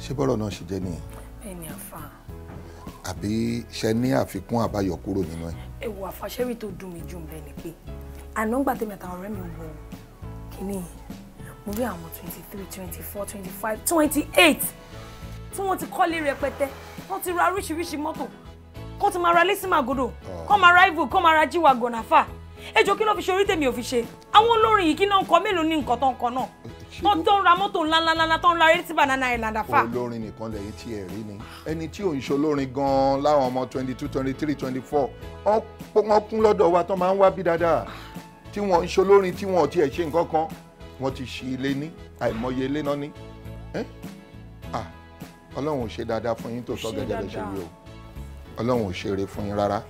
ṣé bọ́rọ̀ náà ṣe jẹ́ nìyẹn. bẹ́ẹ̀ni àfa. àbí ṣe ní àfikún àbáyọ kúrò nínú ẹ. ẹ wo àfàṣẹ́rì tó dùn mí jù bẹ́ẹ̀ ni pé àná ń gbà tèmi àtàwọn ọ̀rẹ́ mi wọ kínní mo rí àwọn twenty three twenty four twenty five twenty eight tí wọ́n ti kọ́lé rẹpẹtẹ wọ́n ti ra oríṣiríṣi mọ́tò kó ti máa ra lẹ́sìn màgòdò kó máa ra ivo kó máa ra jíwà gọ̀nàfà ẹjọ́ kí ló fi ṣe orí tèmi ò fi ṣe àwọn olórin yìí kí náà ń kọ mélòó ní nǹkan tó ń kọ náà tó tó ń ra mọ́tò ńláńláńlá tó ń ra eré tí banana island afa. olórin nìkan lẹ́yìn tí ẹ rí ni ẹni tí ò ń ṣe olórin gan-an láwọn ọmọ twenty two twenty three twenty four wọ́n kún lọ́dọ̀ wa tó máa ń wá bí dáadáa tí wọ́n ń ṣe olórin tí wọ́n ò tiẹ̀ ṣe nǹkan kan wọ́n ti ṣí ilé ní àìmọye ilé náà ní. ọlọ́run ò ṣe dáadáa fún yín tó sọ gẹ́gẹ́ bẹ́ẹ̀ ṣe rí o ọlọ́run ò ṣeré fún yín rárá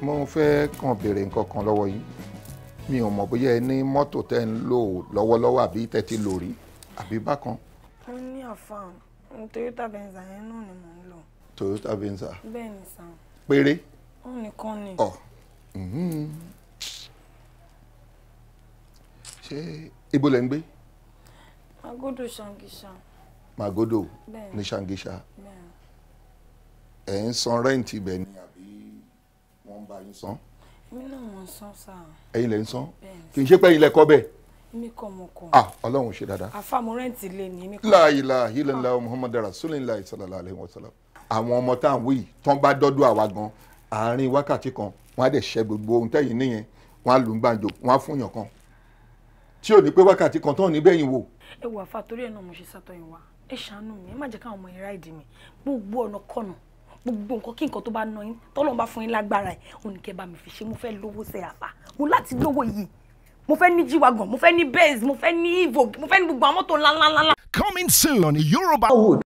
mo fẹ́ kàn béèrè nǹkan kan lọ́wọ́ yín mi ò mọ̀ bóyá ẹ ní mọ́tò tẹ́ ń lò lọ́wọ́lọ́wọ́ àbí tẹ́ ti lò rí àbí bákan. mo ní àfàn toyota venza yẹn náà ni mò ń lò. toyota venza. bẹ́ẹ̀ ni sàn. péré. ó nìkan ni. ọ mhm. ṣé ibo lẹ ń gbé. magodo ṣangisha. magodo ní ṣangisha. ẹ̀ ń san rẹ́ǹtì ibẹ̀ ni àbí wọ́n bá yín san ẹ̀yin lẹ ń san kì í ṣe pé ẹ̀yin lẹ kọ mọ ah Ọlọ́run ṣe dáadáa. àfàmù rẹǹtì lè ní mi kọ. láàyèlá hilala muhammadu rasulillah sallallahu alayhi wa sallam. àwọn ọmọ tá à ń wí tán bá dọ́dọ̀ àwa gan àárín wákàtí kan wọ́n á dẹ̀ ṣe gbogbo ohun tẹ́yìn níyẹn wọ́n á lù ú gbàǹjo wọ́n á fún yàn kan. tí ò ní pé wákàtí kan tán ò ní bẹ́yìn wò. ẹ wò àfa torí ẹ̀ náà mo ṣe sátọ̀ yín wá ẹ ṣàánú mi ẹ má jẹ́ káwọn ọmọ yẹn ráìdì mi gbogbo ọ̀nà kọ̀nà gbogbo nǹkan kí nǹkan tó bá ná yín tọ́lọ́run bá fún yín lágbára ẹ̀ oníkẹ́ bá mi fi ṣe mo fẹ́ lówó ṣe àfà mo láti lówó yìí mo fẹ́ ní g mo fẹ́ ní benz mo fẹ́ ní evo mo fẹ́ ní gbogbo àwọn mọ́tò ńláńláńlá. coming soon on Yorubawood